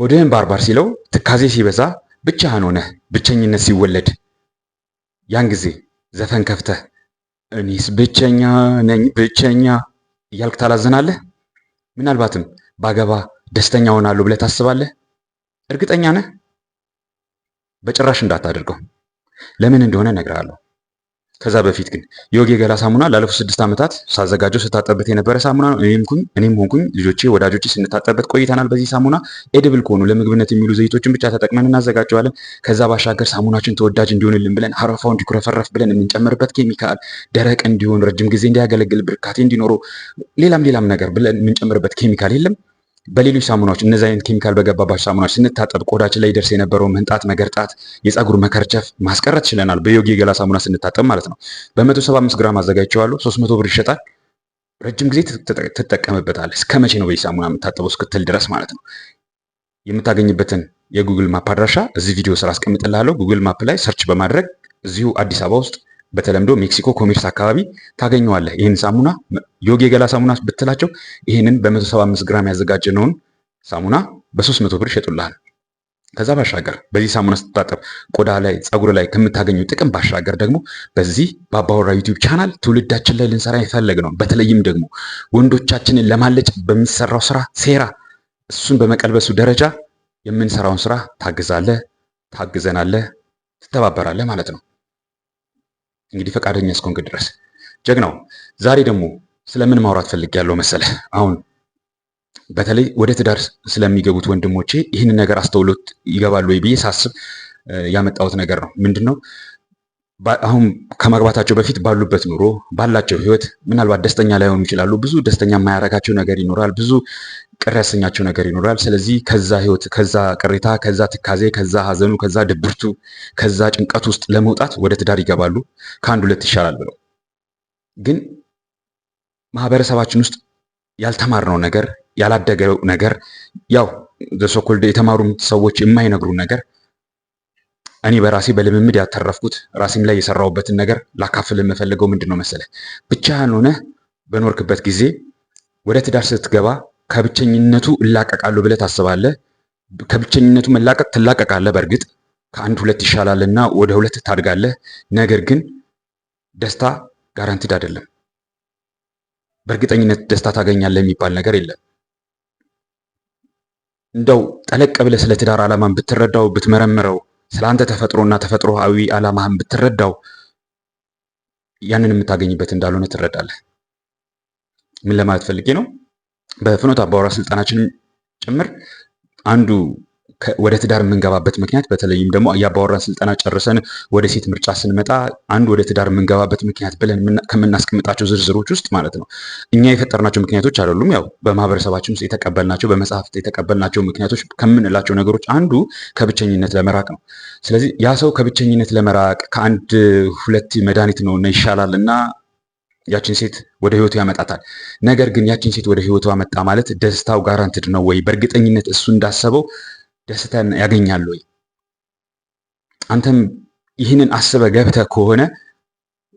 ሆድህን ባርባር ሲለው ትካዜ ሲበዛ ብቻህን ሆነህ ብቸኝነት ሲወለድ ያን ጊዜ ዘፈን ከፍተህ እኔስ ብቸኛ ነኝ ብቸኛ እያልክ ታላዘናለህ ምናልባትም ባገባ ደስተኛ ሆናለሁ ብለህ ታስባለህ። እርግጠኛ ነህ? በጭራሽ እንዳታደርገው። ለምን እንደሆነ እነግርሃለሁ። ከዛ በፊት ግን የወጌ የገላ ሳሙና ላለፉት ስድስት ዓመታት ሳዘጋጀው ስታጠበት የነበረ ሳሙና ነው። እኔም ሆንኩኝ ልጆቼ ወዳጆቼ ስንታጠበት ቆይተናል። በዚህ ሳሙና ኤድብል ከሆኑ ለምግብነት የሚሉ ዘይቶችን ብቻ ተጠቅመን እናዘጋጀዋለን። ከዛ ባሻገር ሳሙናችን ተወዳጅ እንዲሆንልን ብለን አረፋው እንዲኩረፈረፍ ብለን የምንጨምርበት ኬሚካል ደረቅ እንዲሆን፣ ረጅም ጊዜ እንዲያገለግል፣ ብርካቴ እንዲኖረው፣ ሌላም ሌላም ነገር ብለን የምንጨምርበት ኬሚካል የለም። በሌሎች ሳሙናዎች እነዚህ አይነት ኬሚካል በገባባቸው ሳሙናዎች ስንታጠብ ቆዳችን ላይ ደርስ የነበረው ምንጣት መገርጣት፣ የፀጉር መከርቸፍ ማስቀረት ችለናል። በዮጊ የገላ ሳሙና ስንታጠብ ማለት ነው። በ175 ግራም አዘጋጅቼዋለሁ። 300 ብር ይሸጣል። ረጅም ጊዜ ትጠቀምበታለህ። እስከ መቼ ነው በዚህ ሳሙና የምታጠበው እስክትል ድረስ ማለት ነው። የምታገኝበትን የጉግል ማፕ አድራሻ እዚህ ቪዲዮ ስራ አስቀምጥልሃለሁ። ጉግል ማፕ ላይ ሰርች በማድረግ እዚሁ አዲስ አበባ ውስጥ በተለምዶ ሜክሲኮ ኮሜርስ አካባቢ ታገኘዋለህ። ይህን ሳሙና ዮጊ የገላ ሳሙና ብትላቸው ይህንን በ175 ግራም ያዘጋጀነውን ሳሙና በ300 ብር ይሸጡልሃል። ከዛ ባሻገር በዚህ ሳሙና ስትታጠብ ቆዳ ላይ ፀጉር ላይ ከምታገኘው ጥቅም ባሻገር ደግሞ በዚህ በአባወራ ዩቲዩብ ቻናል ትውልዳችን ላይ ልንሰራ የፈለግ ነው። በተለይም ደግሞ ወንዶቻችንን ለማለጭ በሚሰራው ስራ ሴራ፣ እሱን በመቀልበሱ ደረጃ የምንሰራውን ስራ ታግዛለህ፣ ታግዘናለህ፣ ትተባበራለህ ማለት ነው። እንግዲህ ፈቃደኛ እስኮንክ ድረስ ጀግናው። ዛሬ ደግሞ ስለምን ማውራት ፈልግ ያለው መሰለ አሁን በተለይ ወደ ትዳር ስለሚገቡት ወንድሞቼ ይህንን ነገር አስተውሎት ይገባሉ ወይ ብዬ ሳስብ ያመጣሁት ነገር ነው። ምንድን ነው አሁን ከማግባታቸው በፊት ባሉበት ኑሮ ባላቸው ህይወት ምናልባት ደስተኛ ላይሆኑ ይችላሉ። ብዙ ደስተኛ የማያረጋቸው ነገር ይኖራል። ብዙ ቅር ያሰኛቸው ነገር ይኖራል። ስለዚህ ከዛ ህይወት፣ ከዛ ቅሬታ፣ ከዛ ትካዜ፣ ከዛ ሀዘኑ፣ ከዛ ድብርቱ፣ ከዛ ጭንቀት ውስጥ ለመውጣት ወደ ትዳር ይገባሉ። ከአንድ ሁለት ይሻላል ብለው ግን ማህበረሰባችን ውስጥ ያልተማርነው ነገር ያላደገው ነገር ያው ዘሶኮልድ የተማሩ ሰዎች የማይነግሩ ነገር እኔ በራሴ በልምምድ ያተረፍኩት ራሴም ላይ የሰራሁበትን ነገር ላካፍል የምፈልገው ምንድን ነው መሰለ ብቻህን ሆነ በኖርክበት ጊዜ ወደ ትዳር ስትገባ ከብቸኝነቱ እላቀቃሉ ብለህ ታስባለህ። ከብቸኝነቱ መላቀቅ ትላቀቃለህ። በእርግጥ ከአንድ ሁለት ይሻላልና ወደ ሁለት ታድጋለህ። ነገር ግን ደስታ ጋራንቲድ አይደለም። በእርግጠኝነት ደስታ ታገኛለህ የሚባል ነገር የለም። እንደው ጠለቅ ብለህ ስለ ትዳር ዓላማን ብትረዳው ብትመረምረው ስለ አንተ ተፈጥሮና ተፈጥሮአዊ ዓላማህን ብትረዳው ያንን የምታገኝበት እንዳልሆነ ትረዳለህ። ምን ለማለት ፈልጌ ነው? በፍኖተ አባወራ ስልጠናችንም ጭምር አንዱ ወደ ትዳር የምንገባበት ምክንያት በተለይም ደግሞ የአባወራን ስልጠና ጨርሰን ወደ ሴት ምርጫ ስንመጣ አንድ ወደ ትዳር የምንገባበት ምክንያት ብለን ከምናስቀምጣቸው ዝርዝሮች ውስጥ ማለት ነው እኛ የፈጠርናቸው ምክንያቶች አይደሉም። ያው በማህበረሰባችን ውስጥ የተቀበልናቸው በመጽሐፍት የተቀበልናቸው ምክንያቶች ከምንላቸው ነገሮች አንዱ ከብቸኝነት ለመራቅ ነው። ስለዚህ ያ ሰው ከብቸኝነት ለመራቅ ከአንድ ሁለት መድኃኒት ነው እና ይሻላል እና ያችን ሴት ወደ ህይወቱ ያመጣታል። ነገር ግን ያችን ሴት ወደ ህይወቱ አመጣ ማለት ደስታው ጋራንትድ ነው ወይ? በእርግጠኝነት እሱ እንዳሰበው ደስታን ያገኛሉ ወይ? አንተም ይህንን አስበ ገብተህ ከሆነ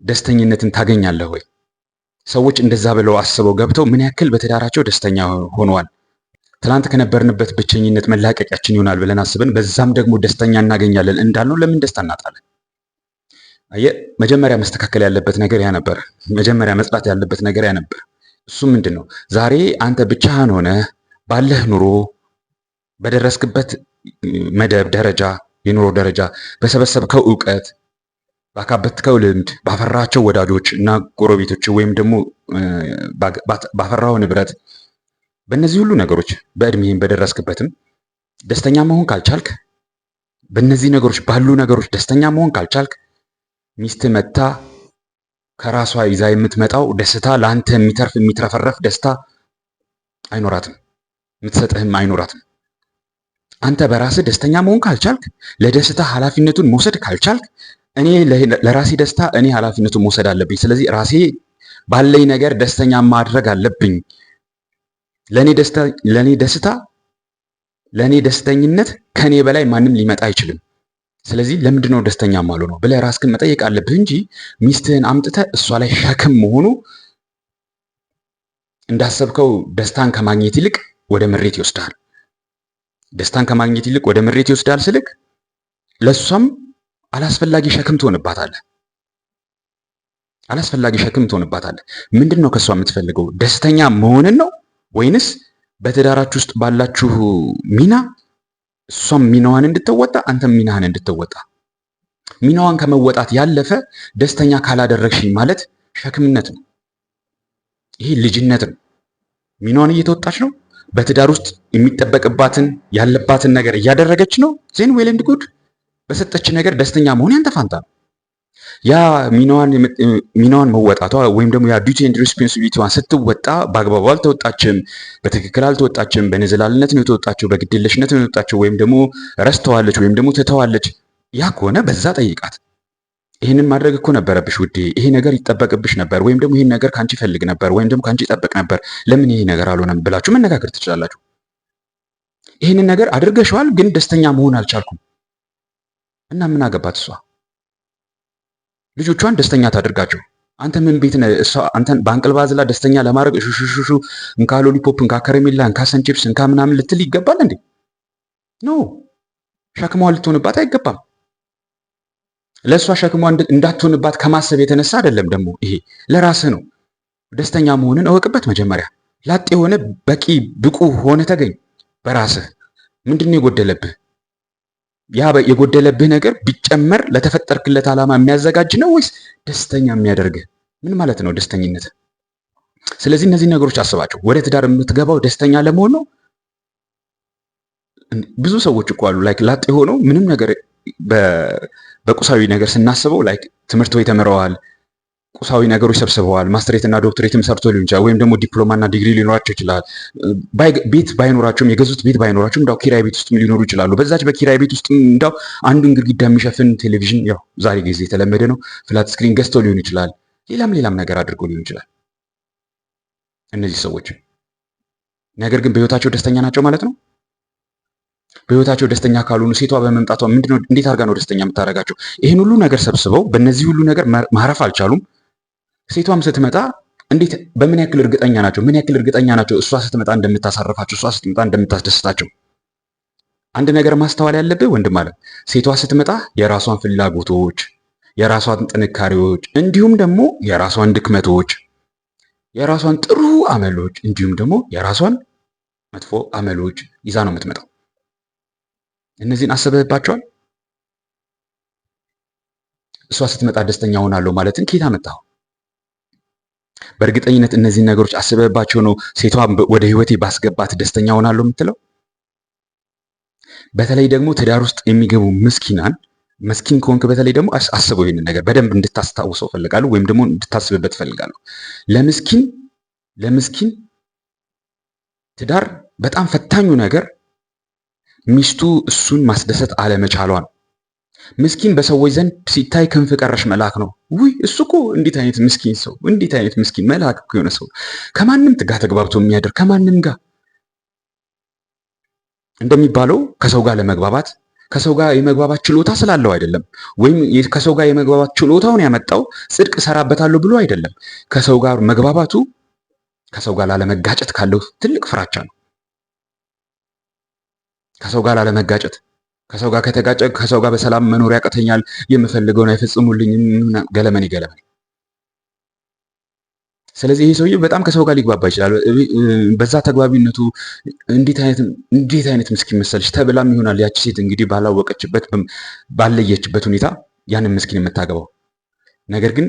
ደስተኝነትን ታገኛለህ ወይ? ሰዎች እንደዛ ብለው አስበው ገብተው ምን ያክል በትዳራቸው ደስተኛ ሆነዋል? ትናንት ከነበርንበት ብቸኝነት መላቀቂያችን ይሆናል ብለን አስበን በዛም ደግሞ ደስተኛ እናገኛለን እንዳልነው ለምን ደስታ እናጣለን? አየህ፣ መጀመሪያ መስተካከል ያለበት ነገር ያ ነበር። መጀመሪያ መጽዳት ያለበት ነገር ያ ነበር። እሱ ምንድን ነው? ዛሬ አንተ ብቻህን ሆነ ባለህ ኑሮ በደረስክበት መደብ ደረጃ የኑሮ ደረጃ በሰበሰብከው እውቀት ባካበትከው ልምድ ባፈራቸው ወዳጆች እና ጎረቤቶች ወይም ደግሞ ባፈራው ንብረት በእነዚህ ሁሉ ነገሮች በእድሜህም በደረስክበትም ደስተኛ መሆን ካልቻልክ በእነዚህ ነገሮች ባሉ ነገሮች ደስተኛ መሆን ካልቻልክ ሚስት መታ ከራሷ ይዛ የምትመጣው ደስታ ለአንተ የሚተርፍ የሚትረፈረፍ ደስታ አይኖራትም፣ የምትሰጥህም አይኖራትም። አንተ በራስህ ደስተኛ መሆን ካልቻልክ፣ ለደስታ ኃላፊነቱን መውሰድ ካልቻልክ፣ እኔ ለራሴ ደስታ እኔ ኃላፊነቱን መውሰድ አለብኝ። ስለዚህ ራሴ ባለኝ ነገር ደስተኛ ማድረግ አለብኝ። ለእኔ ደስታ ለእኔ ደስተኝነት ከእኔ በላይ ማንም ሊመጣ አይችልም። ስለዚህ ለምንድን ነው ደስተኛ ማሉ ነው ብለህ ራስህን መጠየቅ አለብህ እንጂ ሚስትህን አምጥተህ እሷ ላይ ሸክም መሆኑ እንዳሰብከው ደስታን ከማግኘት ይልቅ ወደ ምሬት ይወስዳል። ደስታን ከማግኘት ይልቅ ወደ ምሬት ይወስዳል ስልክ ለሷም አላስፈላጊ ሸክም ትሆንባታለ አላስፈላጊ ሸክም ትሆንባታለ። ምንድን ነው የምትፈልገው? ደስተኛ መሆንን ነው ወይንስ በትዳራችሁ ውስጥ ባላችሁ ሚና እሷም ሚናዋን እንድትወጣ አንተም ሚናህን እንድትወጣ ሚናዋን ከመወጣት ያለፈ ደስተኛ ካላደረግሽኝ ማለት ሸክምነት ነው። ይሄ ልጅነት ነው። ሚናዋን እየተወጣች ነው በትዳር ውስጥ የሚጠበቅባትን ያለባትን ነገር እያደረገች ነው። ዜን ዌል ኤንድ ጉድ። በሰጠች ነገር ደስተኛ መሆን ያንተ ፋንታ ነው። ያ ሚናዋን መወጣቷ ወይም ደግሞ ያ ዲዩቲ ኤንድ ሪስፖንሲቢሊቲዋን ስትወጣ በአግባቡ አልተወጣችም፣ በትክክል አልተወጣችም፣ በንዝላልነት ነው የተወጣችው፣ በግድለሽነት ነው የተወጣችው፣ ወይም ደግሞ ረስተዋለች ወይም ደግሞ ትተዋለች። ያ ከሆነ በዛ ጠይቃት። ይህንን ማድረግ እኮ ነበረብሽ ውዴ፣ ይሄ ነገር ይጠበቅብሽ ነበር፣ ወይም ደግሞ ይህን ነገር ከአንቺ ይፈልግ ነበር፣ ወይም ደግሞ ከአንቺ ይጠበቅ ነበር። ለምን ይሄ ነገር አልሆነም ብላችሁ መነጋገር ትችላላችሁ። ይህንን ነገር አድርገሽዋል፣ ግን ደስተኛ መሆን አልቻልኩም እና ምን አገባት እሷ? ልጆቿን ደስተኛ ታደርጋቸው። አንተ ምን ቤት ነህ? እሷ አንተን በአንቅልባ ደስተኛ ለማድረግ ሹሹሹ፣ እንካ ሎሊፖፕ፣ እንካ ከረሜላ፣ እንካ ሰንቺፕስ፣ እንካ ምናምን ልትል ይገባል እንዴ? ኖ ሸክሟ ልትሆንባት አይገባም። ለእሷ ሸክሟ እንዳትሆንባት ከማሰብ የተነሳ አይደለም። ደግሞ ይሄ ለራስህ ነው። ደስተኛ መሆንን እወቅበት መጀመሪያ። ላጤ የሆነ በቂ ብቁ ሆነ ተገኝ በራስህ። ምንድን የጎደለብህ? ያ የጎደለብህ ነገር ቢጨመር ለተፈጠርክለት ዓላማ የሚያዘጋጅ ነው ወይስ ደስተኛ የሚያደርግህ? ምን ማለት ነው ደስተኝነት? ስለዚህ እነዚህ ነገሮች አስባቸው። ወደ ትዳር የምትገባው ደስተኛ ለመሆን ነው። ብዙ ሰዎች እኮ አሉ ላይክ ላጤ የሆነው ምንም ነገር በቁሳዊ ነገር ስናስበው ላይክ ትምህርት ቤት ተምረዋል፣ ቁሳዊ ነገሮች ሰብስበዋል፣ ማስትሬት እና ዶክትሬትም ሰርቶ ሊሆን ይችላል። ወይም ደግሞ ዲፕሎማ እና ዲግሪ ሊኖራቸው ይችላል። ቤት ባይኖራቸውም የገዙት ቤት ባይኖራቸውም እንዳው ኪራይ ቤት ውስጥም ሊኖሩ ይችላሉ። በዛች በኪራይ ቤት ውስጥ እንዳው አንዱን ግድግዳ የሚሸፍን ቴሌቪዥን ያው ዛሬ ጊዜ የተለመደ ነው፣ ፍላት ስክሪን ገዝቶ ሊሆን ይችላል። ሌላም ሌላም ነገር አድርጎ ሊሆን ይችላል። እነዚህ ሰዎች ነገር ግን በህይወታቸው ደስተኛ ናቸው ማለት ነው። በህይወታቸው ደስተኛ ካልሆኑ ሴቷ በመምጣቷ ምንድነው እንዴት አድርጋ ነው ደስተኛ የምታደርጋቸው? ይህን ሁሉ ነገር ሰብስበው በእነዚህ ሁሉ ነገር ማረፍ አልቻሉም። ሴቷም ስትመጣ እንዴት በምን ያክል እርግጠኛ ናቸው? ምን ያክል እርግጠኛ ናቸው? እሷ ስትመጣ እንደምታሳርፋቸው፣ እሷ ስትመጣ እንደምታስደስታቸው። አንድ ነገር ማስተዋል ያለብህ ወንድም አለ ሴቷ ስትመጣ የራሷን ፍላጎቶች፣ የራሷን ጥንካሬዎች እንዲሁም ደግሞ የራሷን ድክመቶች፣ የራሷን ጥሩ አመሎች እንዲሁም ደግሞ የራሷን መጥፎ አመሎች ይዛ ነው የምትመጣው። እነዚህን አስበህባቸዋል? እሷ ስትመጣ ደስተኛ ሆናለሁ ማለትን ከየት አመጣኸው? በእርግጠኝነት እነዚህን ነገሮች አስበህባቸው ነው ሴቷ ወደ ህይወቴ ባስገባት ደስተኛ ሆናለሁ የምትለው? በተለይ ደግሞ ትዳር ውስጥ የሚገቡ ምስኪናን መስኪን ከሆንክ በተለይ ደግሞ አስበው ይህንን ነገር በደንብ እንድታስታውሰው ፈልጋለሁ፣ ወይም ደግሞ እንድታስብበት ፈልጋለሁ። ለምስኪን ለምስኪን ትዳር በጣም ፈታኙ ነገር ሚስቱ እሱን ማስደሰት አለመቻሏ ነው። ምስኪን በሰዎች ዘንድ ሲታይ ክንፍ ቀረሽ መልአክ ነው። ውይ እሱ እኮ እንዴት አይነት ምስኪን ሰው! እንዴት አይነት ምስኪን መልአክ እኮ የሆነ ሰው ከማንም ጋር ተግባብቶ የሚያደር ከማንም ጋር እንደሚባለው ከሰው ጋር ለመግባባት ከሰው ጋር የመግባባት ችሎታ ስላለው አይደለም፣ ወይም ከሰው ጋር የመግባባት ችሎታውን ያመጣው ጽድቅ እሰራበታለሁ ብሎ አይደለም። ከሰው ጋር መግባባቱ ከሰው ጋር ላለመጋጨት ካለው ትልቅ ፍራቻ ነው። ከሰው ጋር ላለመጋጨት ከሰው ጋር ከተጋጨ ከሰው ጋር በሰላም መኖር ያቀተኛል፣ የምፈልገውን አይፈጽሙልኝም፣ ገለመን ይገለመን። ስለዚህ ይህ ሰውዬ በጣም ከሰው ጋር ሊግባባ ይችላል። በዛ ተግባቢነቱ እንዴት አይነት ምስኪን መሰለች ተብላም ይሆናል ያቺ ሴት እንግዲህ ባላወቀችበት ባለየችበት ሁኔታ ያንን ምስኪን የምታገባው። ነገር ግን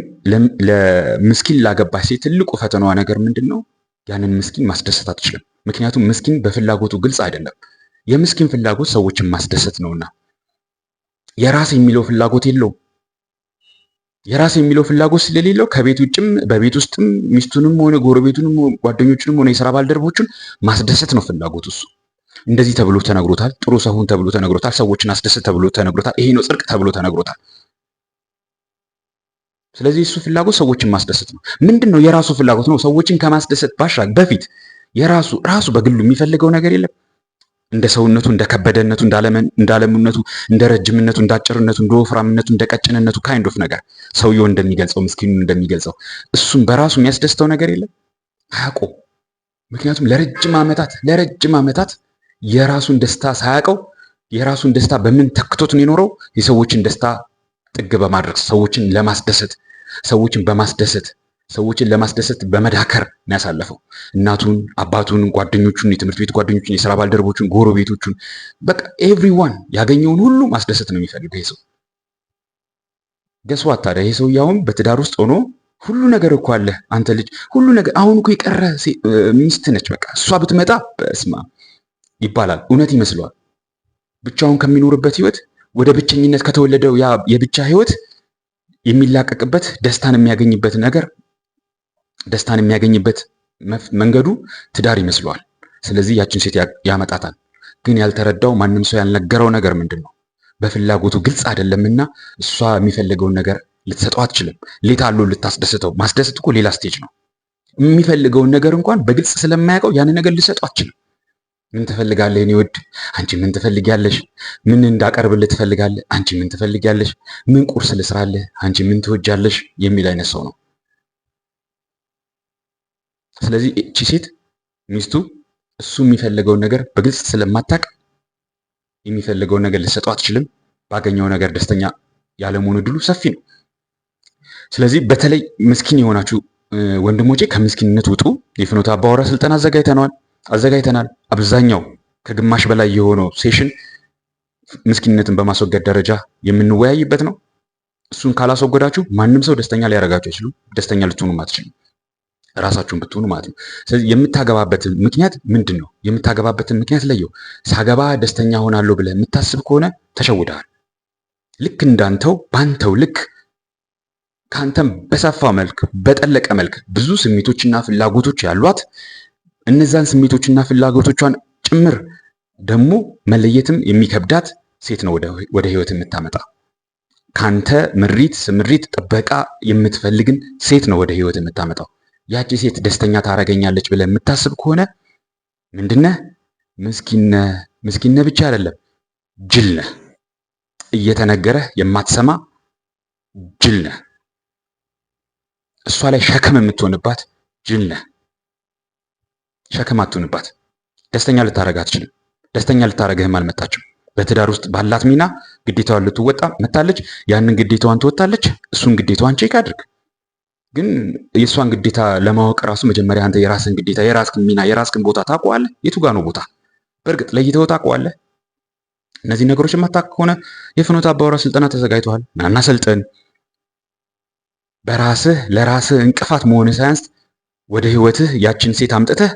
ለምስኪን ላገባች ሴት ትልቁ ፈተናዋ ነገር ምንድን ነው? ያንን ምስኪን ማስደሰት አትችልም። ምክንያቱም ምስኪን በፍላጎቱ ግልጽ አይደለም። የምስኪን ፍላጎት ሰዎችን ማስደሰት ነውና የራስ የሚለው ፍላጎት የለውም። የራስ የሚለው ፍላጎት ስለሌለው ከቤት ውጭም በቤት ውስጥም ሚስቱንም ሆነ ጎረቤቱንም ጓደኞቹንም ሆነ የስራ ባልደረቦቹን ማስደሰት ነው ፍላጎት እሱ። እንደዚህ ተብሎ ተነግሮታል። ጥሩ ሰው ተብሎ ተነግሮታል። ሰዎችን አስደሰት ተብሎ ተነግሮታል። ይሄ ነው ጽድቅ ተብሎ ተነግሮታል። ስለዚህ እሱ ፍላጎት ሰዎችን ማስደሰት ነው። ምንድን ነው የራሱ ፍላጎት ነው። ሰዎችን ከማስደሰት ባሻገር በፊት የራሱ ራሱ በግሉ የሚፈልገው ነገር የለም። እንደ ሰውነቱ እንደ ከበደነቱ እንደ አለምነቱ እንደ ረጅምነቱ እንደ አጭርነቱ እንደ ወፍራምነቱ እንደ ቀጭንነቱ ካይንድ ኦፍ ነገር ሰውየው እንደሚገልጸው ምስኪኑ እንደሚገልጸው እሱም በራሱ የሚያስደስተው ነገር የለም አያውቀው። ምክንያቱም ለረጅም ዓመታት ለረጅም ዓመታት የራሱን ደስታ ሳያውቀው የራሱን ደስታ በምን ተክቶት ነው የኖረው? የሰዎችን ደስታ ጥግ በማድረግ ሰዎችን ለማስደሰት ሰዎችን በማስደሰት ሰዎችን ለማስደሰት በመዳከር ነው ያሳለፈው። እናቱን፣ አባቱን፣ ጓደኞቹን፣ የትምህርት ቤት ጓደኞቹን፣ የስራ ባልደረቦቹን፣ ጎረቤቶቹን በቃ ኤቭሪዋን ያገኘውን ሁሉ ማስደሰት ነው የሚፈልገው ይሄ ሰው። ገስዋት ታዲያ ይሄ ሰው ያውም በትዳር ውስጥ ሆኖ ሁሉ ነገር እኮ አለ አንተ ልጅ፣ ሁሉ ነገር አሁን እኮ የቀረ ሚስት ነች፣ በቃ እሷ ብትመጣ በስማ ይባላል። እውነት ይመስለዋል። ብቻውን ከሚኖርበት ህይወት ወደ ብቸኝነት ከተወለደው ያ የብቻ ህይወት የሚላቀቅበት ደስታን የሚያገኝበት ነገር ደስታን የሚያገኝበት መንገዱ ትዳር ይመስለዋል። ስለዚህ ያችን ሴት ያመጣታል። ግን ያልተረዳው ማንም ሰው ያልነገረው ነገር ምንድን ነው? በፍላጎቱ ግልጽ አይደለምና እሷ የሚፈልገውን ነገር ልትሰጠው አትችልም። ሌታ አሉ ልታስደስተው። ማስደሰት እኮ ሌላ ስቴጅ ነው። የሚፈልገውን ነገር እንኳን በግልጽ ስለማያውቀው ያን ነገር ልትሰጠው አትችልም። ምን ትፈልጋለህ የኔ ውድ? አንቺ ምን ትፈልጊያለሽ? ምን እንዳቀርብልህ ትፈልጋለህ? አንቺ ምን ትፈልጊያለሽ? ምን ቁርስ ልስራለህ? አንቺ ምን ትወጃለሽ? የሚል አይነት ሰው ነው። ስለዚህ እቺ ሴት ሚስቱ እሱ የሚፈልገውን ነገር በግልጽ ስለማታቅ የሚፈልገውን ነገር ልሰጠው አትችልም። ባገኘው ነገር ደስተኛ ያለመሆኑ እድሉ ሰፊ ነው። ስለዚህ በተለይ ምስኪን የሆናችሁ ወንድሞቼ ከምስኪንነት ውጡ። የፍኖተ አባወራ ስልጠና አዘጋጅተናል አዘጋጅተናል። አብዛኛው ከግማሽ በላይ የሆነው ሴሽን ምስኪንነትን በማስወገድ ደረጃ የምንወያይበት ነው። እሱን ካላስወገዳችሁ ማንም ሰው ደስተኛ ሊያደርጋችሁ አይችሉም። ደስተኛ ልትሆኑም አትችሉም። ራሳችሁን ብትሆኑ ማለት ነው። ስለዚህ የምታገባበት ምክንያት ምንድን ነው? የምታገባበትን ምክንያት ለየው። ሳገባ ደስተኛ ሆናለሁ ብለህ የምታስብ ከሆነ ተሸውደሃል። ልክ እንዳንተው ባንተው ልክ ከአንተም በሰፋ መልክ በጠለቀ መልክ ብዙ ስሜቶችና ፍላጎቶች ያሏት እነዛን ስሜቶችና ፍላጎቶቿን ጭምር ደግሞ መለየትም የሚከብዳት ሴት ነው ወደ ህይወት የምታመጣ ከአንተ ምሪት፣ ስምሪት፣ ጥበቃ የምትፈልግን ሴት ነው ወደ ህይወት የምታመጣው። ያቺ ሴት ደስተኛ ታረገኛለች ብለህ የምታስብ ከሆነ ምንድነህ? ምስኪነ ምስኪነ ብቻ አይደለም ጅል ነህ። እየተነገረህ የማትሰማ ጅል ነህ። እሷ ላይ ሸክም የምትሆንባት ጅል ነህ። ሸክም አትሆንባት። ደስተኛ ልታረግ አትችልም። ደስተኛ ልታረግህም አልመጣችም። በትዳር ውስጥ ባላት ሚና ግዴታዋን ልትወጣ መታለች። ያንን ግዴታዋን ትወጣለች። እሱን ግዴታዋን ቼክ አድርግ። ግን የእሷን ግዴታ ለማወቅ ራሱ መጀመሪያ አንተ የራስን ግዴታ፣ የራስን ሚና፣ የራስን ቦታ ታውቀዋለህ። የቱ ጋ ነው ቦታ በእርግጥ ለይተው ታውቀዋለህ። እነዚህ ነገሮች የማታውቅ ከሆነ የፍኖተ አባወራ ስልጠና ተዘጋጅተዋል። ምናና ሰልጥን። በራስህ ለራስህ እንቅፋት መሆን ሳያንስ ወደ ህይወትህ ያችን ሴት አምጥተህ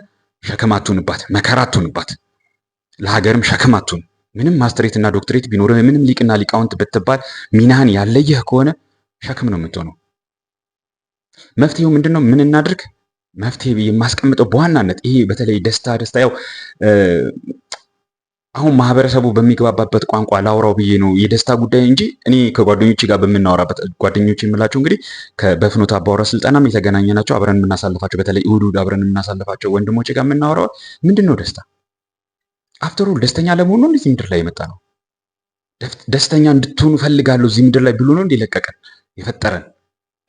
ሸክም አትሁንባት፣ መከራ አትሁንባት፣ ለሀገርም ሸክም አትሁን። ምንም ማስትሬትና ዶክትሬት ቢኖርህ ምንም ሊቅና ሊቃውንት ብትባል ሚናህን ያለየህ ከሆነ ሸክም ነው የምትሆነው። መፍትሄው ምንድን ነው? ምን እናድርግ? መፍትሄ ብዬ የማስቀምጠው በዋናነት ይሄ በተለይ ደስታ ደስታ ያው አሁን ማህበረሰቡ በሚግባባበት ቋንቋ ላውራው ብዬ ነው የደስታ ጉዳይ እንጂ እኔ ከጓደኞች ጋር በምናወራበት ጓደኞች የምላቸው እንግዲህ በፍኖተ አባወራ ስልጠናም የተገናኘ ናቸው። አብረን የምናሳልፋቸው በተለይ እሑድ አብረን የምናሳልፋቸው ወንድሞች ጋር የምናወራው ምንድን ነው ደስታ አፍተሩ ደስተኛ ለመሆኑ እንዴት ምድር ላይ የመጣ ነው። ደስተኛ እንድትሆኑ ፈልጋለሁ እዚህ ምድር ላይ ብሎ ነው እንዲለቀቀን የፈጠረን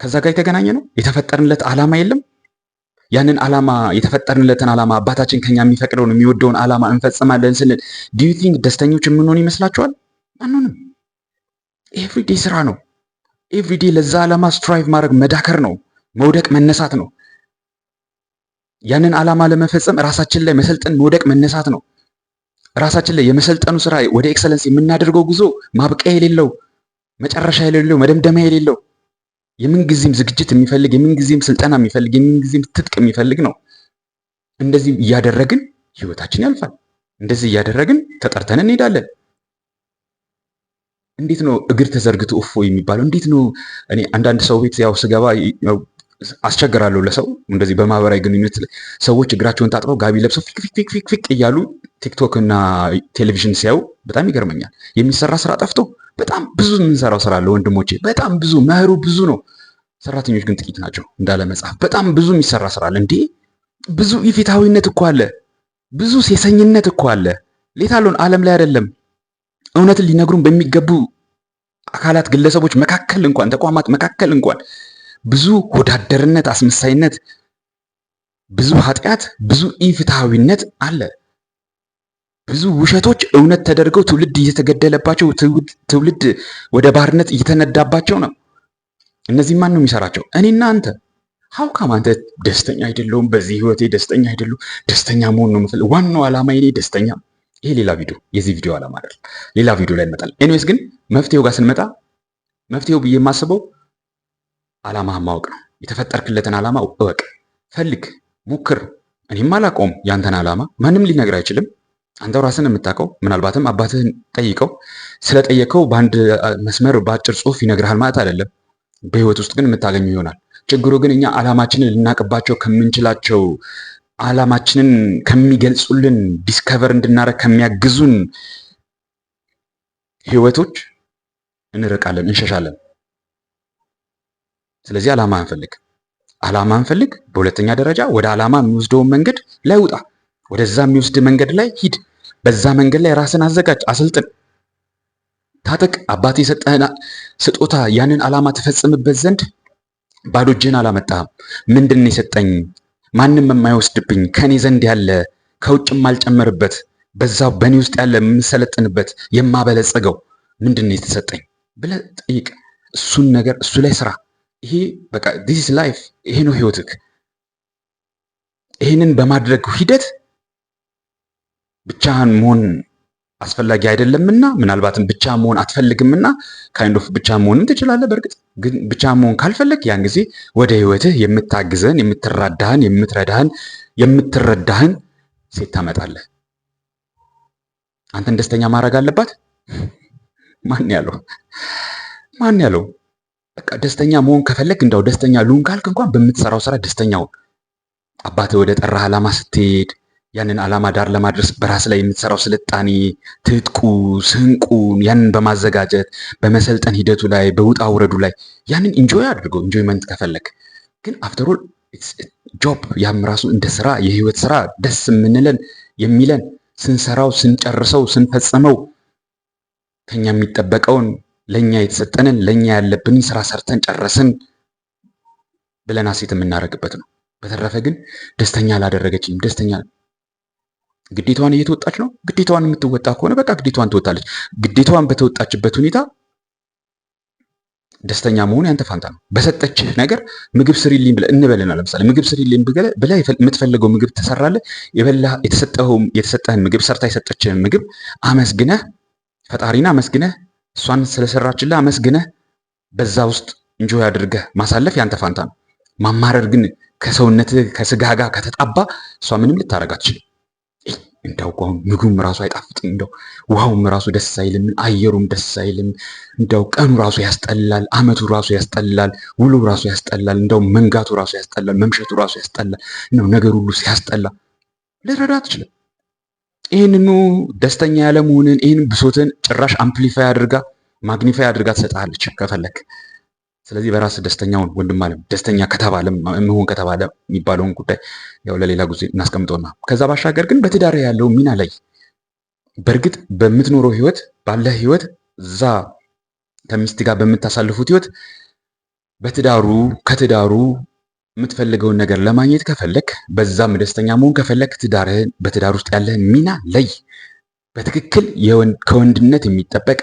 ከዛ ጋር የተገናኘ ነው። የተፈጠርንለት ዓላማ የለም። ያንን ዓላማ የተፈጠርንለትን ዓላማ አባታችን ከኛ የሚፈቅደውን የሚወደውን ዓላማ እንፈጽማለን ስንል ዲዩ ቲንክ ደስተኞች የምንሆን ይመስላችኋል? አንሆንም። ኤቭሪዴ ስራ ነው። ኤቭሪዴ ለዛ ዓላማ ስትራይቭ ማድረግ መዳከር ነው። መውደቅ መነሳት ነው። ያንን ዓላማ ለመፈጸም ራሳችን ላይ መሰልጠን መውደቅ መነሳት ነው። ራሳችን ላይ የመሰልጠኑ ስራ ወደ ኤክሰለንስ የምናደርገው ጉዞ ማብቂያ የሌለው መጨረሻ የሌለው መደምደሚያ የሌለው የምንጊዜም ዝግጅት የሚፈልግ የምንጊዜም ስልጠና የሚፈልግ የምንጊዜም ትጥቅ የሚፈልግ ነው። እንደዚህ እያደረግን ህይወታችን ያልፋል። እንደዚህ እያደረግን ተጠርተን እንሄዳለን። እንዴት ነው እግር ተዘርግቶ እፎ የሚባለው? እንዴት ነው እኔ አንዳንድ ሰው ቤት ያው ስገባ አስቸግራለሁ ለሰው እንደዚህ በማህበራዊ ግንኙነት ላይ ሰዎች እግራቸውን ታጥበው ጋቢ ለብሰው ፊክ ፊክ ፊክ ፊክ እያሉ ቲክቶክ እና ቴሌቪዥን ሲያዩ በጣም ይገርመኛል። የሚሰራ ስራ ጠፍቶ በጣም ብዙ የምንሰራው ስራ አለ ወንድሞቼ፣ በጣም ብዙ መኸሩ ብዙ ነው። ሰራተኞች ግን ጥቂት ናቸው እንዳለ መጽሐፍ። በጣም ብዙ የሚሰራ ስራ አለ እንዴ! ብዙ ኢፍትሐዊነት እኮ አለ፣ ብዙ ሴሰኝነት እኮ አለ። ሌታሎን አለም ላይ አይደለም እውነትን ሊነግሩን በሚገቡ አካላት ግለሰቦች መካከል እንኳን ተቋማት መካከል እንኳን ብዙ ወዳደርነት፣ አስመሳይነት፣ ብዙ ኃጢአት፣ ብዙ ኢፍትሐዊነት አለ። ብዙ ውሸቶች እውነት ተደርገው ትውልድ እየተገደለባቸው ትውልድ ወደ ባርነት እየተነዳባቸው ነው። እነዚህ ማን ነው የሚሰራቸው? እኔና አንተ። ሀውካም አንተ ደስተኛ አይደለሁም፣ በዚህ ህይወቴ ደስተኛ አይደለሁም። ደስተኛ መሆን ነው የምፈልግ። ዋናው ዓላማ የኔ ደስተኛ ይሄ ሌላ ቪዲዮ የዚህ ቪዲዮ ዓላማ አይደለም። ሌላ ቪዲዮ ላይ እንመጣለን። ኤኒዌይስ ግን መፍትሄው ጋር ስንመጣ መፍትሄው ብዬ የማስበው ዓላማህን ማወቅ ነው። የተፈጠርክለትን ዓላማ እወቅ፣ ፈልግ፣ ሞክር። እኔም አላውቀውም ያንተን ዓላማ ማንም ሊነግር አይችልም። አንተው ራስን የምታውቀው ምናልባትም አባትህን ጠይቀው ስለጠየቀው በአንድ መስመር በአጭር ጽሑፍ ይነግርሃል ማለት አይደለም። በህይወት ውስጥ ግን የምታገኘው ይሆናል። ችግሩ ግን እኛ ዓላማችንን ልናውቅባቸው ከምንችላቸው ዓላማችንን ከሚገልጹልን ዲስከቨር እንድናረግ ከሚያግዙን ህይወቶች እንርቃለን፣ እንሸሻለን። ስለዚህ አላማ አንፈልግ ዓላማህን አንፈልግ። በሁለተኛ ደረጃ ወደ ዓላማ የሚወስደውን መንገድ ላይ ውጣ፣ ወደዛ የሚወስድ መንገድ ላይ ሂድ። በዛ መንገድ ላይ ራስን አዘጋጅ፣ አሰልጥን፣ ታጠቅ። አባት የሰጠህን ስጦታ ያንን ዓላማ ትፈጽምበት ዘንድ ባዶ እጅን አላመጣህም። ምንድን የሰጠኝ ማንም የማይወስድብኝ ከኔ ዘንድ ያለ ከውጭ የማልጨመርበት በዛው በእኔ ውስጥ ያለ የምሰለጥንበት የማበለጸገው ምንድን ነው የተሰጠኝ ብለህ ጠይቅ። እሱን ነገር እሱ ላይ ስራ። ይሄ በቃ ዲስ ላይፍ ይሄ ነው ህይወትክ። ይሄንን በማድረግ ሂደት ብቻህን መሆን አስፈላጊ አይደለምና ምናልባትም ብቻ መሆን አትፈልግምና ካይንድ ኦፍ ብቻ መሆንም ትችላለህ። በእርግጥ ግን ብቻ መሆን ካልፈለግ ያን ጊዜ ወደ ህይወትህ የምታግዘን የምትራዳህን፣ የምትረዳህን የምትረዳህን ሴት ታመጣለህ። አንተን ደስተኛ ማድረግ አለባት። ማን ያለው ማን ያለው? በቃ ደስተኛ መሆን ከፈለግ እንዳው ደስተኛ ልሁን ካልክ እንኳን በምትሰራው ስራ ደስተኛው አባቴ ወደ ጠራህ ዓላማ ስትሄድ ያንን ዓላማ ዳር ለማድረስ በራስ ላይ የምትሰራው ስልጣኔ፣ ትጥቁ፣ ስንቁን ያንን በማዘጋጀት በመሰልጠን ሂደቱ ላይ በውጣ ውረዱ ላይ ያንን ኢንጆይ አድርገው። ኢንጆይመንት ከፈለግ ግን አፍተሮል ጆብ ያም ራሱ እንደ ስራ የህይወት ስራ ደስ የምንለን የሚለን ስንሰራው፣ ስንጨርሰው፣ ስንፈጽመው ከኛ የሚጠበቀውን ለእኛ የተሰጠንን ለእኛ ያለብንን ስራ ሰርተን ጨረስን ብለን ሐሴት የምናደርግበት ነው። በተረፈ ግን ደስተኛ አላደረገችኝም። ደስተኛ ግዴታዋን እየተወጣች ነው። ግዴታዋን የምትወጣ ከሆነ በቃ ግዴታዋን ትወጣለች። ግዴታዋን በተወጣችበት ሁኔታ ደስተኛ መሆን ያንተ ፋንታ ነው። በሰጠችህ ነገር ምግብ ስሪልኝ ብለህ እንበልና ለምሳሌ ምግብ ስሪልኝ ብለህ የምትፈልገው ምግብ ትሰራለህ። የተሰጠህን ምግብ ሰርታ የሰጠችህን ምግብ አመስግነህ ፈጣሪን አመስግነህ እሷን ስለሰራችልህ አመስግነህ በዛ ውስጥ እንጆ አድርገህ ማሳለፍ ያንተ ፋንታ ነው። ማማረር ግን ከሰውነት ከስጋ ጋር ከተጣባ እሷ ምንም ልታረግ አትችልም። እንደው ምግቡም ራሱ አይጣፍጥም፣ እንደው ውሃውም ራሱ ደስ አይልም፣ አየሩም ደስ አይልም። እንደው ቀኑ ራሱ ያስጠላል፣ አመቱ ራሱ ያስጠላል፣ ውሉ ራሱ ያስጠላል፣ እንደው መንጋቱ ራሱ ያስጠላል፣ መምሸቱ ራሱ ያስጠላል፣ ነው ነገር ሁሉ ሲያስጠላ ልረዳ አትችልም። ይህንኑ ደስተኛ ያለመሆንን ይህን ብሶትን ጭራሽ አምፕሊፋይ አድርጋ ማግኒፋይ አድርጋ ትሰጣለች ከፈለክ። ስለዚህ በራስ ደስተኛ ወንድም አለም ደስተኛ ከተባለ መሆን ከተባለ የሚባለውን ጉዳይ ያው ለሌላ ጊዜ እናስቀምጠውና ከዛ ባሻገር ግን በትዳር ያለው ሚና ላይ በእርግጥ በምትኖረው ህይወት ባለ ህይወት እዛ ከሚስት ጋር በምታሳልፉት ህይወት በትዳሩ ከትዳሩ የምትፈልገውን ነገር ለማግኘት ከፈለክ፣ በዛም ደስተኛ መሆን ከፈለክ፣ ትዳርህን በትዳር ውስጥ ያለህን ሚና ለይ። በትክክል ከወንድነት የሚጠበቅ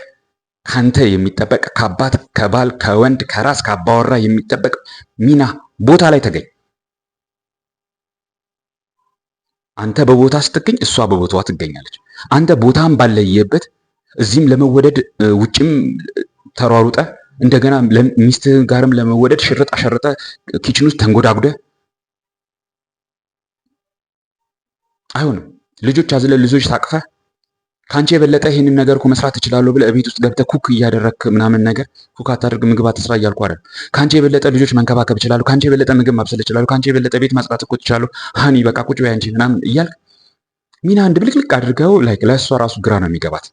ከአንተ የሚጠበቅ ከአባት፣ ከባል፣ ከወንድ፣ ከራስ፣ ከአባወራ የሚጠበቅ ሚና ቦታ ላይ ተገኝ። አንተ በቦታ ስትገኝ እሷ በቦታዋ ትገኛለች። አንተ ቦታን ባለየበት እዚህም ለመወደድ ውጭም ተሯሩጠ እንደገና ሚስት ጋርም ለመወደድ ሽርጥ አሸርጠ ኪችን ውስጥ ተንጎዳጉደ አይሆንም። ልጆች አዝለ ልጆች ታቅፈ ከአንቺ የበለጠ ይህንን ነገር እኮ መስራት እችላለሁ ብለ ቤት ውስጥ ገብተ ኩክ እያደረክ ምናምን ነገር ኩክ አታደርግ ምግብ አትስራ እያልኩ አይደል። ከአንቺ የበለጠ ልጆች መንከባከብ እችላለሁ፣ ከአንቺ የበለጠ ምግብ ማብሰል እችላለሁ፣ ከአንቺ የበለጠ ቤት ማጽዳት እኮ እችላለሁ፣ ሀኒ በቃ ቁጭ በይ አንቺ ምናምን እያልክ ሚና አንድ ብልቅልቅ አድርገው ላይክ ለእሷ ራሱ ግራ ነው የሚገባት።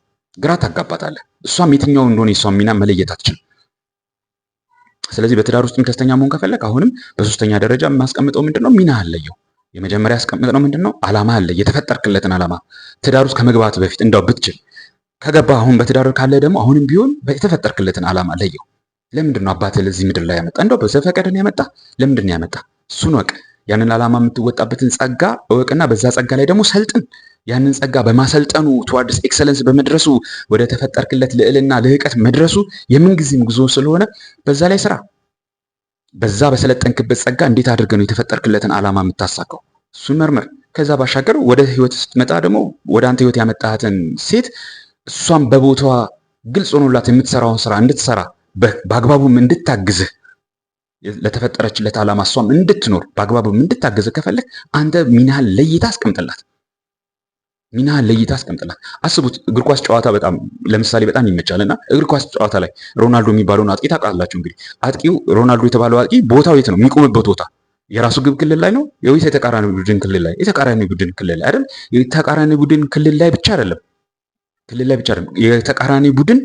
ግራ ታጋባታለህ። እሷም የትኛው እንደሆነ የሷም ሚና መለየት አትችልም። ስለዚህ በትዳር ውስጥ ከስተኛ መሆን ከፈለግ አሁንም በሶስተኛ ደረጃ የማስቀምጠው ምንድነው ሚና አለየው። የመጀመሪያ ያስቀምጥነው ምንድነው አላማ አለ የተፈጠርክለትን አላማ ትዳር ውስጥ ከመግባት በፊት እንዳው ብትችል ከገባ አሁን በትዳር ካለ ደግሞ አሁንም ቢሆን የተፈጠርክለትን አላማ ለየው። ለምንድን ነው አባት ለዚህ ምድር ላይ ያመጣ? እንደው በዘፈቀደን ያመጣ? ለምንድን ያመጣ? እሱን ወቅ ያንን ዓላማ የምትወጣበትን ጸጋ እወቅና በዛ ጸጋ ላይ ደግሞ ሰልጥን። ያንን ጸጋ በማሰልጠኑ ቱዋርድስ ኤክሰለንስ በመድረሱ ወደ ተፈጠርክለት ልዕልና ልህቀት መድረሱ የምንጊዜም ጉዞ ስለሆነ በዛ ላይ ስራ። በዛ በሰለጠንክበት ጸጋ እንዴት አድርገ ነው የተፈጠርክለትን ዓላማ የምታሳካው? እሱን መርምር። ከዛ ባሻገር ወደ ህይወት ስትመጣ ደግሞ ወደ አንተ ህይወት ያመጣትን ሴት እሷም በቦታዋ ግልጽ ሆኖላት የምትሰራውን ስራ እንድትሰራ በአግባቡም እንድታግዝህ ለተፈጠረችለት ዓላማ እሷም እንድትኖር በአግባቡም እንድታገዘ ከፈለግ አንተ ሚና ለይታ አስቀምጥላት። ሚና ለይታ አስቀምጥላት። አስቡት፣ እግር ኳስ ጨዋታ በጣም ለምሳሌ በጣም ይመቻልና እግር ኳስ ጨዋታ ላይ ሮናልዶ የሚባለውን አጥቂ ታውቃላችሁ እንግዲህ። አጥቂው ሮናልዶ የተባለው አጥቂ ቦታው የት ነው የሚቆምበት ቦታ የራሱ ግብ ክልል ላይ ነው ወይስ የተቃራኒ ቡድን ክልል ላይ? የተቃራኒ ቡድን ክልል ላይ አይደል? የተቃራኒ ቡድን ክልል ላይ ብቻ አይደለም፣ ክልል ላይ ብቻ አይደለም፣ የተቃራኒ ቡድን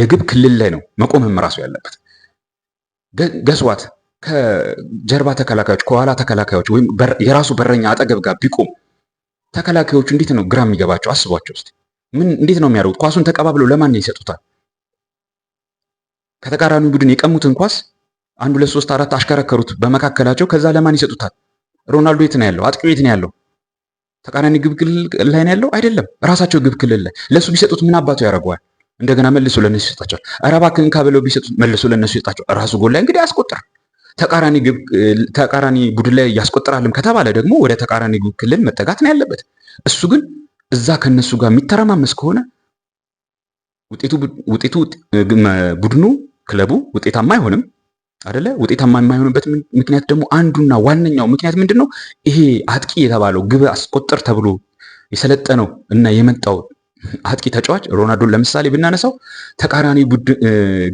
የግብ ክልል ላይ ነው መቆምም ራሱ ያለበት። ገስዋት ከጀርባ ተከላካዮች ከኋላ ተከላካዮች ወይም የራሱ በረኛ አጠገብ ጋር ቢቆም ተከላካዮቹ እንዴት ነው ግራ የሚገባቸው? አስቧቸው እስቲ። ምን እንዴት ነው የሚያደርጉት? ኳሱን ተቀባብለው ለማን ይሰጡታል? ከተቃራኒ ቡድን የቀሙትን ኳስ አንድ ሁለት ሶስት አራት አሽከረከሩት በመካከላቸው። ከዛ ለማን ይሰጡታል? ሮናልዶ የት ነው ያለው? አጥቂው የት ነው ያለው? ተቃራኒ ግብ ክልል ላይ ነው ያለው አይደለም፣ ራሳቸው ግብ ክልል ላይ። ለእሱ ቢሰጡት ምን አባቱ ያደርገዋል? እንደገና መልሶ ለነሱ ይሰጣቸዋል። ኧረ እባክህን ካበለው ቢሰጡት መልሶ ለነሱ ይሰጣቸው። ራሱ ጎል ላይ እንግዲህ ያስቆጥር ተቃራኒ ቡድን ላይ ያስቆጥራልም ከተባለ ደግሞ ወደ ተቃራኒ ክልል መጠጋት ነው ያለበት። እሱ ግን እዛ ከነሱ ጋር የሚተረማመስ ከሆነ ውጤቱ ቡድኑ ክለቡ ውጤታማ አይሆንም አደለ? ውጤታማ የማይሆንበት ምክንያት ደግሞ አንዱና ዋነኛው ምክንያት ምንድን ነው? ይሄ አጥቂ የተባለው ግብ አስቆጥር ተብሎ የሰለጠነው እና የመጣው አጥቂ ተጫዋች ሮናልዶን ለምሳሌ ብናነሳው ተቃራኒ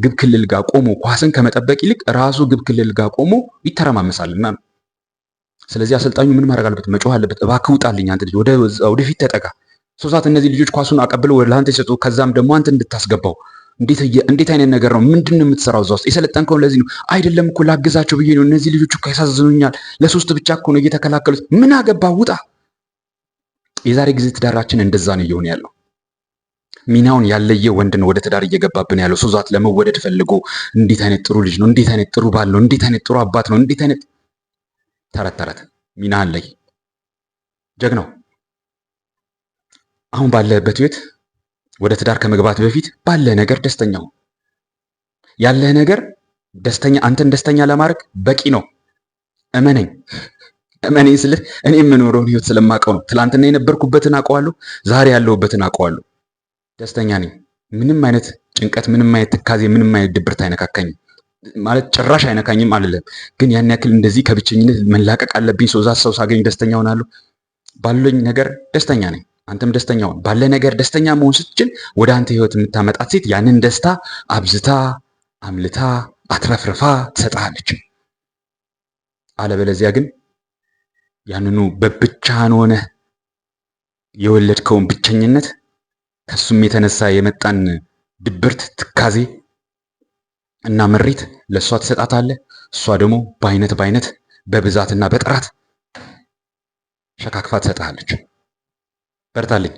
ግብ ክልል ጋር ቆሞ ኳስን ከመጠበቅ ይልቅ ራሱ ግብ ክልል ጋር ቆሞ ይተረማመሳልና ነው። ስለዚህ አሰልጣኙ ምን ማድረግ አለበት? መጮህ አለበት። እባክህ ውጣልኝ አንተ ልጅ፣ ወደፊት ተጠጋ፣ ሶሳት እነዚህ ልጆች ኳሱን አቀብለው ለአንተ ይሰጡ፣ ከዛም ደግሞ አንተ እንድታስገባው እንዴት አይነት ነገር ነው? ምንድን ነው የምትሰራው? እዛ ውስጥ የሰለጠንከው ለዚህ ነው አይደለም እኮ ላግዛቸው ብዬ ነው። እነዚህ ልጆች እኮ ያሳዝኑኛል። ለሶስት ብቻ እኮ ነው እየተከላከሉት። ምን አገባ? ውጣ። የዛሬ ጊዜ ትዳራችን እንደዛ ነው እየሆነ ያለው። ሚናውን ያለየ ወንድ ነው ወደ ትዳር እየገባብን ያለው። ሱዛት ለመወደድ ፈልጎ እንዴት አይነት ጥሩ ልጅ ነው፣ እንዴት አይነት ጥሩ ባል ነው፣ እንዴት አይነት ጥሩ አባት ነው፣ እንዴት አይነት ተረት ተረት ሚና አለይ ጀግናው አሁን ባለህበት ቤት ወደ ትዳር ከመግባት በፊት ባለ ነገር ደስተኛው ያለህ ነገር ደስተኛ አንተን ደስተኛ ለማድረግ በቂ ነው። እመነኝ እመነኝ ስልህ እኔ የምኖረውን ህይወት ስለማውቀው ነው። ትላንትና የነበርኩበትን አውቀዋለሁ፣ ዛሬ ያለሁበትን አውቀዋለሁ። ደስተኛ ነኝ። ምንም አይነት ጭንቀት፣ ምንም አይነት ትካዜ፣ ምንም አይነት ድብርት አይነካካኝም ማለት ጭራሽ አይነካኝም አልለም። ግን ያን ያክል እንደዚህ ከብቸኝነት መላቀቅ አለብኝ። ሰው እዛ ሰው ሳገኝ ደስተኛ ሆናለሁ። ባለኝ ነገር ደስተኛ ነኝ። አንተም ደስተኛ ሆን። ባለ ነገር ደስተኛ መሆን ስትችል ወደ አንተ ህይወት የምታመጣት ሴት ያንን ደስታ አብዝታ አምልታ አትረፍርፋ ትሰጥሃለች። አለበለዚያ ግን ያንኑ በብቻህን ሆነህ የወለድከውን ብቸኝነት ከሱም የተነሳ የመጣን ድብርት፣ ትካዜ እና ምሬት ለእሷ ትሰጣታለህ። እሷ ደግሞ በአይነት በአይነት በብዛትና በጥራት ሸካክፋ ትሰጥሃለች። በርታልኝ።